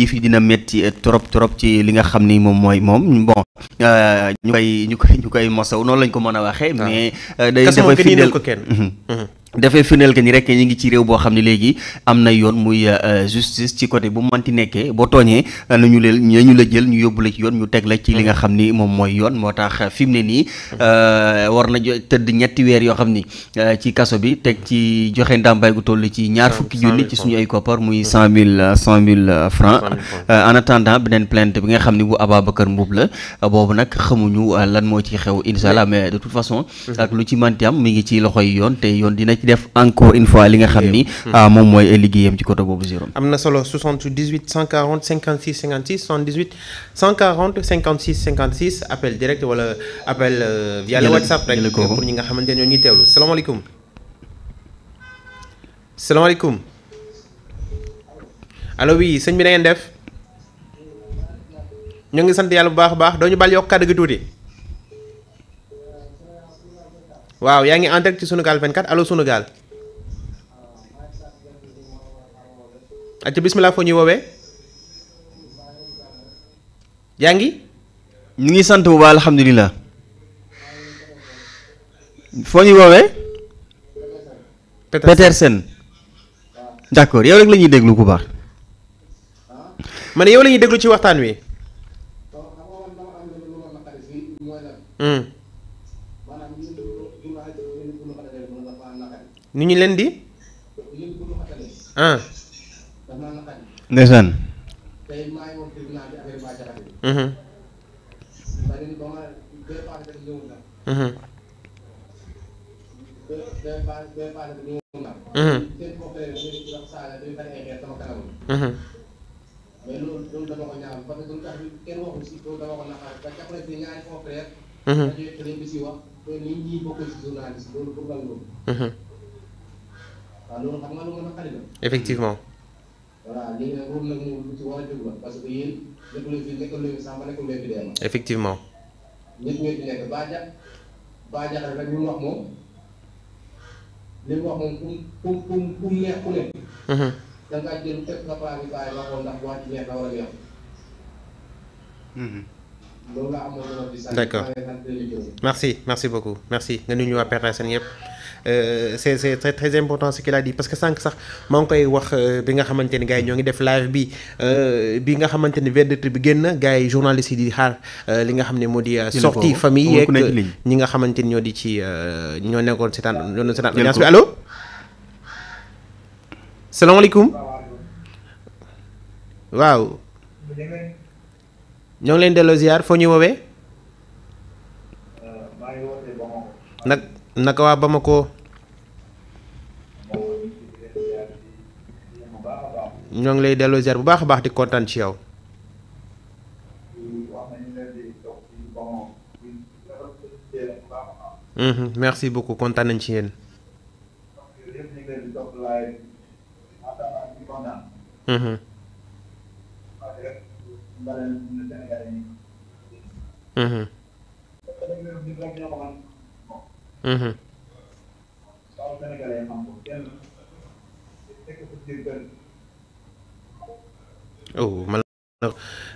yëf yi dina metti eh, trop trop ci li nga xam ni moom mooy moom bon euh, ñu koy ñu koy ñu koy mosaw noonu lañ ko mën a waxee ah. mais euh, day dafay firndeel ko kenn mhm. Mhm. dafay firndeel que ni rek ñu ngi ci réew boo xam ne léegi am na yoon muy euh, euh, justice ci côté bu manti nekkee boo tooñee euh, nañu leen nañu la jël ñu yóbbu la ci yoon ñu teg la ci li nga xam ni moom mooy yoon moo tax fi mu ne nii war na tëdd ñetti weer yoo xam ni ci kaso bi teg ci joxe ndàmbaay gu toll ci ñaar fukki junni ci suñu ay koppar muy cent mille cent mille francs en attendant beneen plainte bi nga xam ni bu ba kër Mbuub la boobu nag xamuñu lan moo ci xew incha allah mais de toute façon mm-hmm. ak lu ci manti am mi ngi ci loxoy yoon te yoon ci def encore une fois li nga xam eh ni ah, moom mooy liggéeyam ci côté boobu zéro am na solo 78 140 56 56 78 140 56 56 appel direct wala appel euh, via le whatsapp rek pour ñi nga xamante ne ñoo ñuy teewlu salaamaaleykum salaamaaleykum allo oui sëñ bi na ngeen def ñoo ngi sant yàlla bu baax a baax doo ñu bal yokk kàddu gi tuuti waaw yaa ngi en direct ci Sunugal 24 allo Sunugal. acca bismillah foo ñuy woowee. yaa ngi. mu ngi sant bu baax alhamdulilah. foo ñuy woowee. Petersen d'accord yow rek la déglu bu baax. ma ne yow la ñuy déglu ci waxtaan wi. Hmm. nu ñu leen di. ah. ndeysaan. mais mhm. loolu mhm. mhm. waaw loolu xam nga lu nga naqari la. effectivement. voilà léegi nag loolu nag moom lu ci war a jóg la parce que yéen nekkul leen fi nekkul leen fi sàmm nekkul leen fi deema. effectivement. ñëpp ngeen fi nekk baa ja baa jaxal rek li mu wax moom li mu wax moom pour pour pour neex ku ne. Mhm. da ngaa jël teg nga paa bi bàyyi waxoon ndax wax ci neex la war a neex. Mhm. loolu laa amoon d' accord merci merci beaucoup merci nga nuyu waa Père Assane yëpp. Euh, c'est c'est très très important ce qu'il a dit parce que sànq sax moo ngi koy wax euh, bi nga xamante ni gars ñoo ngi def live bi euh, bi nga xamante ni verdict bi génn gars yi journalistes yi di xaar li nga xam ne moo di sortie famille yeeg ñi nga xamante ni ñoo di ci ñoo nekkoon seetaan ñoo doon seetaan audience bi allo salaamaaleykum waaw ñoo ngi leen delloo ziar foo ñuy woowee nag naka waa Bamako ñoo ngi lay delloo ziar bu baax a baax di kontaan ci yow. Mhm, merci beaucoup kontaan nañ ci yéen. Mhm. Mhm. faaw sénégalais xam ko kenn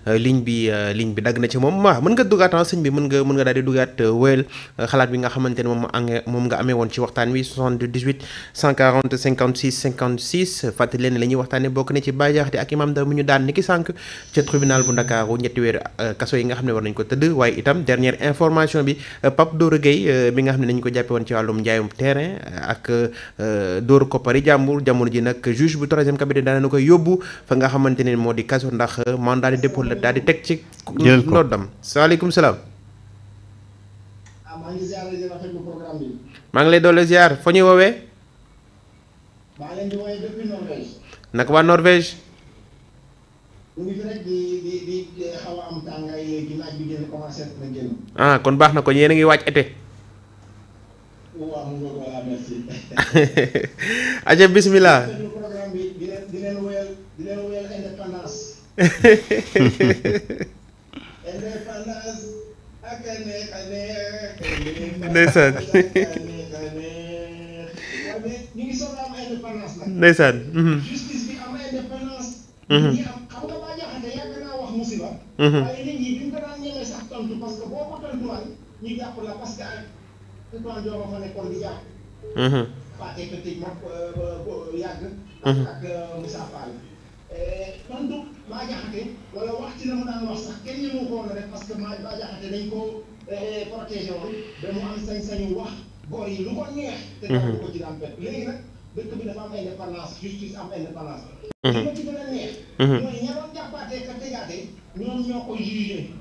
Euh, ligne bi euh, ligne bi dagg na ci moom waaw mën nga dugaat en bi mën nga mën nga daal dugaat euh, wéyal xalaat bi nga xamante woon ci waxtaan wi 78 140 56 56 fàttali leen la ñuy waxtaane bokk na ni ki sànq kaso yi nga xam ne war ko tëdd waaye itam dernière information bi ko jàppe woon ci wàllum njaayum terrain ak dóoru koppari jàmbur jamono ji nag di kaso ndax daldi teg ci ndoddam salaamaaleykum salaam maa ngi lay doole ziar foo ñuy woowee naka waa Norvège ah kon baax na ko yéen a ngi wàcc été aja bismillah ndeysaan ndeysaan justice bi am indépendance ñi maa jaxate wala wax mu daan wax kenn ñëwu ko woon rek parce que maa maa eh, mu am sañ wax góor yi lu ko neex. te dara mhm. daan fekk léegi nag dëkk bi dafa am indépendance justice am indépendance. Mhm. li ma ci gën a neex. Mhm. mooy ña doon jàppaatee ka tegaatee ñoom di yóbbu nit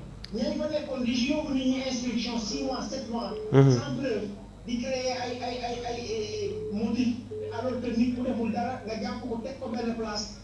di créer ay ku deful dara nga jàpp ko teg ko benn place.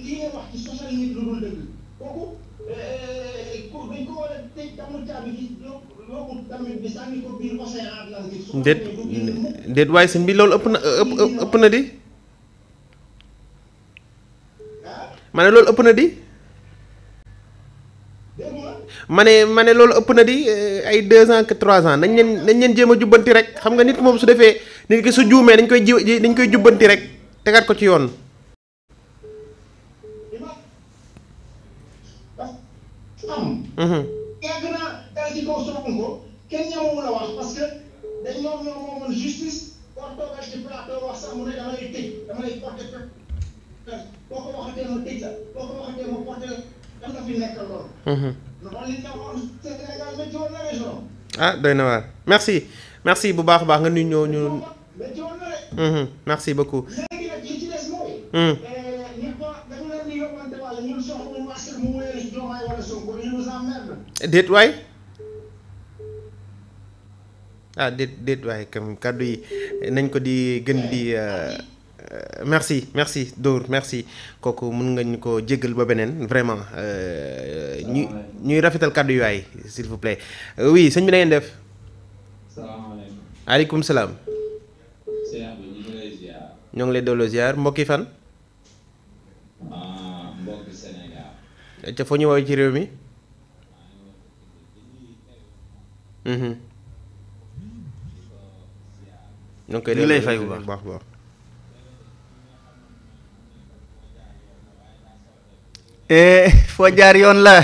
déet déet waaye sëñ bi loolu ëpp na ëpp na di ma ne loolu ëpp na di ma ne ma ne loolu ëpp na di eh, ay deux ans que trois ans nañ leen nañ leen jéem a jubbanti rek xam nga nit ki moom su defee nit ki su juumee dañ koy ji dañ koy jubbanti rek tegaat ko ci yoon. Mm-hmm. Mm-hmm. yàgg kenn ñemewu la wax parce que dañ ñoom ñoo moomoon justice war toogal ci plateau wax sax mu ne dama tëj dama lay porté boo ko waxatee ma tëj la boo ko waxatee na région. Mhm. ah doy na waar merci merci bu baax a baax nga nuyu ñoo ñu. métti woon na rek. Mhm. merci beaucoup. léegi nag li ci des mooy. Mhm. Eh, déet waay. ah déet déet waaye kam kàddu yi nañ ko di gën di. Euh, euh, merci merci Dóor merci kooku mun nga ñu ko jéggal ba beneen vraiment euh, ñuy ñuy rafetal kàddu yu waay s'il vous plaît oui sëñ bi na ngeen def. aleykum salaam. ñoo ngi lay dooloo ziar mbokki fan. Ah, mbokki foo ñu woowee ci réew mi. ñu lay fay bu baax baax baax. Eh, foo jaar yoon la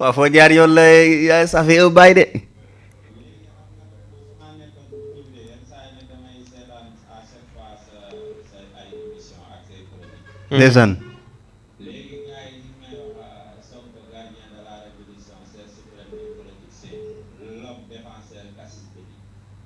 waaw yoon la yaa safi yow de. Hmm.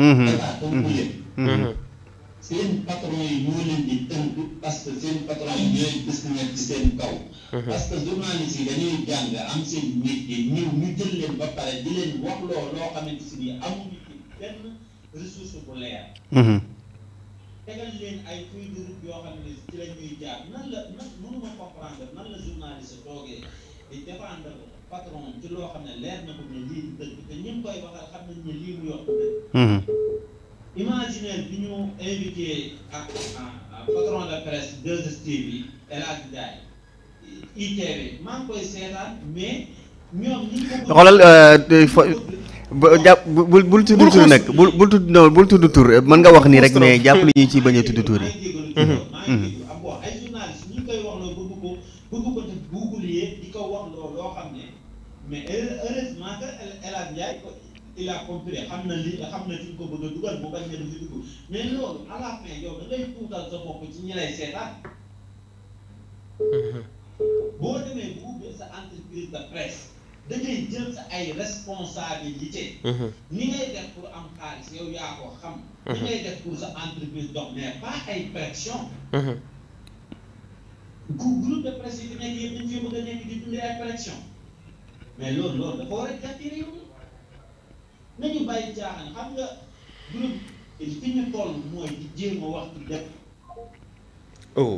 Mm-hmm. voilà comme bu yéen. seen patron yi ñoo leen di tënk parce que seen patron yi ñooy gis na ci seen kaw. Mm-hmm. parce que journaliste yi dañuy jàng am seen métier ñëw ñu jël ba pare di leen wax loo loo xamante si ni amuñu ci benn ressource bu leer. Mm-hmm. tegal leen ay feuille de route yoo xam ne ci la ñuy jaar nan la nan mënuma comprendre nan la journaliste toogee di défendre. patron ci loo xam ne leer na bul bul tudd tur nag bul bul tudd bul tudd tur mën nga wax nii rek mais jàpp li ñu ci bañ a tudd tur yi. mais heureusement que El Hadj Ndiaye il a compris xam na li xam na fi ko bëgg a dugal bu bañ ne du fi dugg mais loolu la fin yow da ngay tuutal sa bopp ci ñi lay seetaan. Mhm. boo demee bu ubbee sa entreprise de presse da ngay sa ay responsabilité mhm. ni ngay def pour am xaalis yow yaa ko xam. ni mhm. ngay def pour sa entreprise dox mais pas ay pression. groupe de presse yi fi nekk yëpp dañ fi bëgg a nekk di dundee ay pression. mais loolu loolu dafa war a jàppale yow nañu bàyyi caaxaan xam nga groupe fi ñu toll mooy di jéem a waxtu def. oh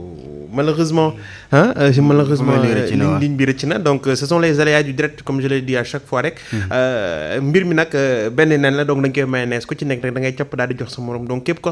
malheureusement ah euh, malheureusement euh, ligne bi rëcc na donc euh, ce sont les aléas du direct comme je l'ai dit chaque fois rek mhm. euh, mbir mi nag benn nen la donc dañ koy mayonnaise ku ci nekk rek da ngay capp daal di jox sa morom donc képp ko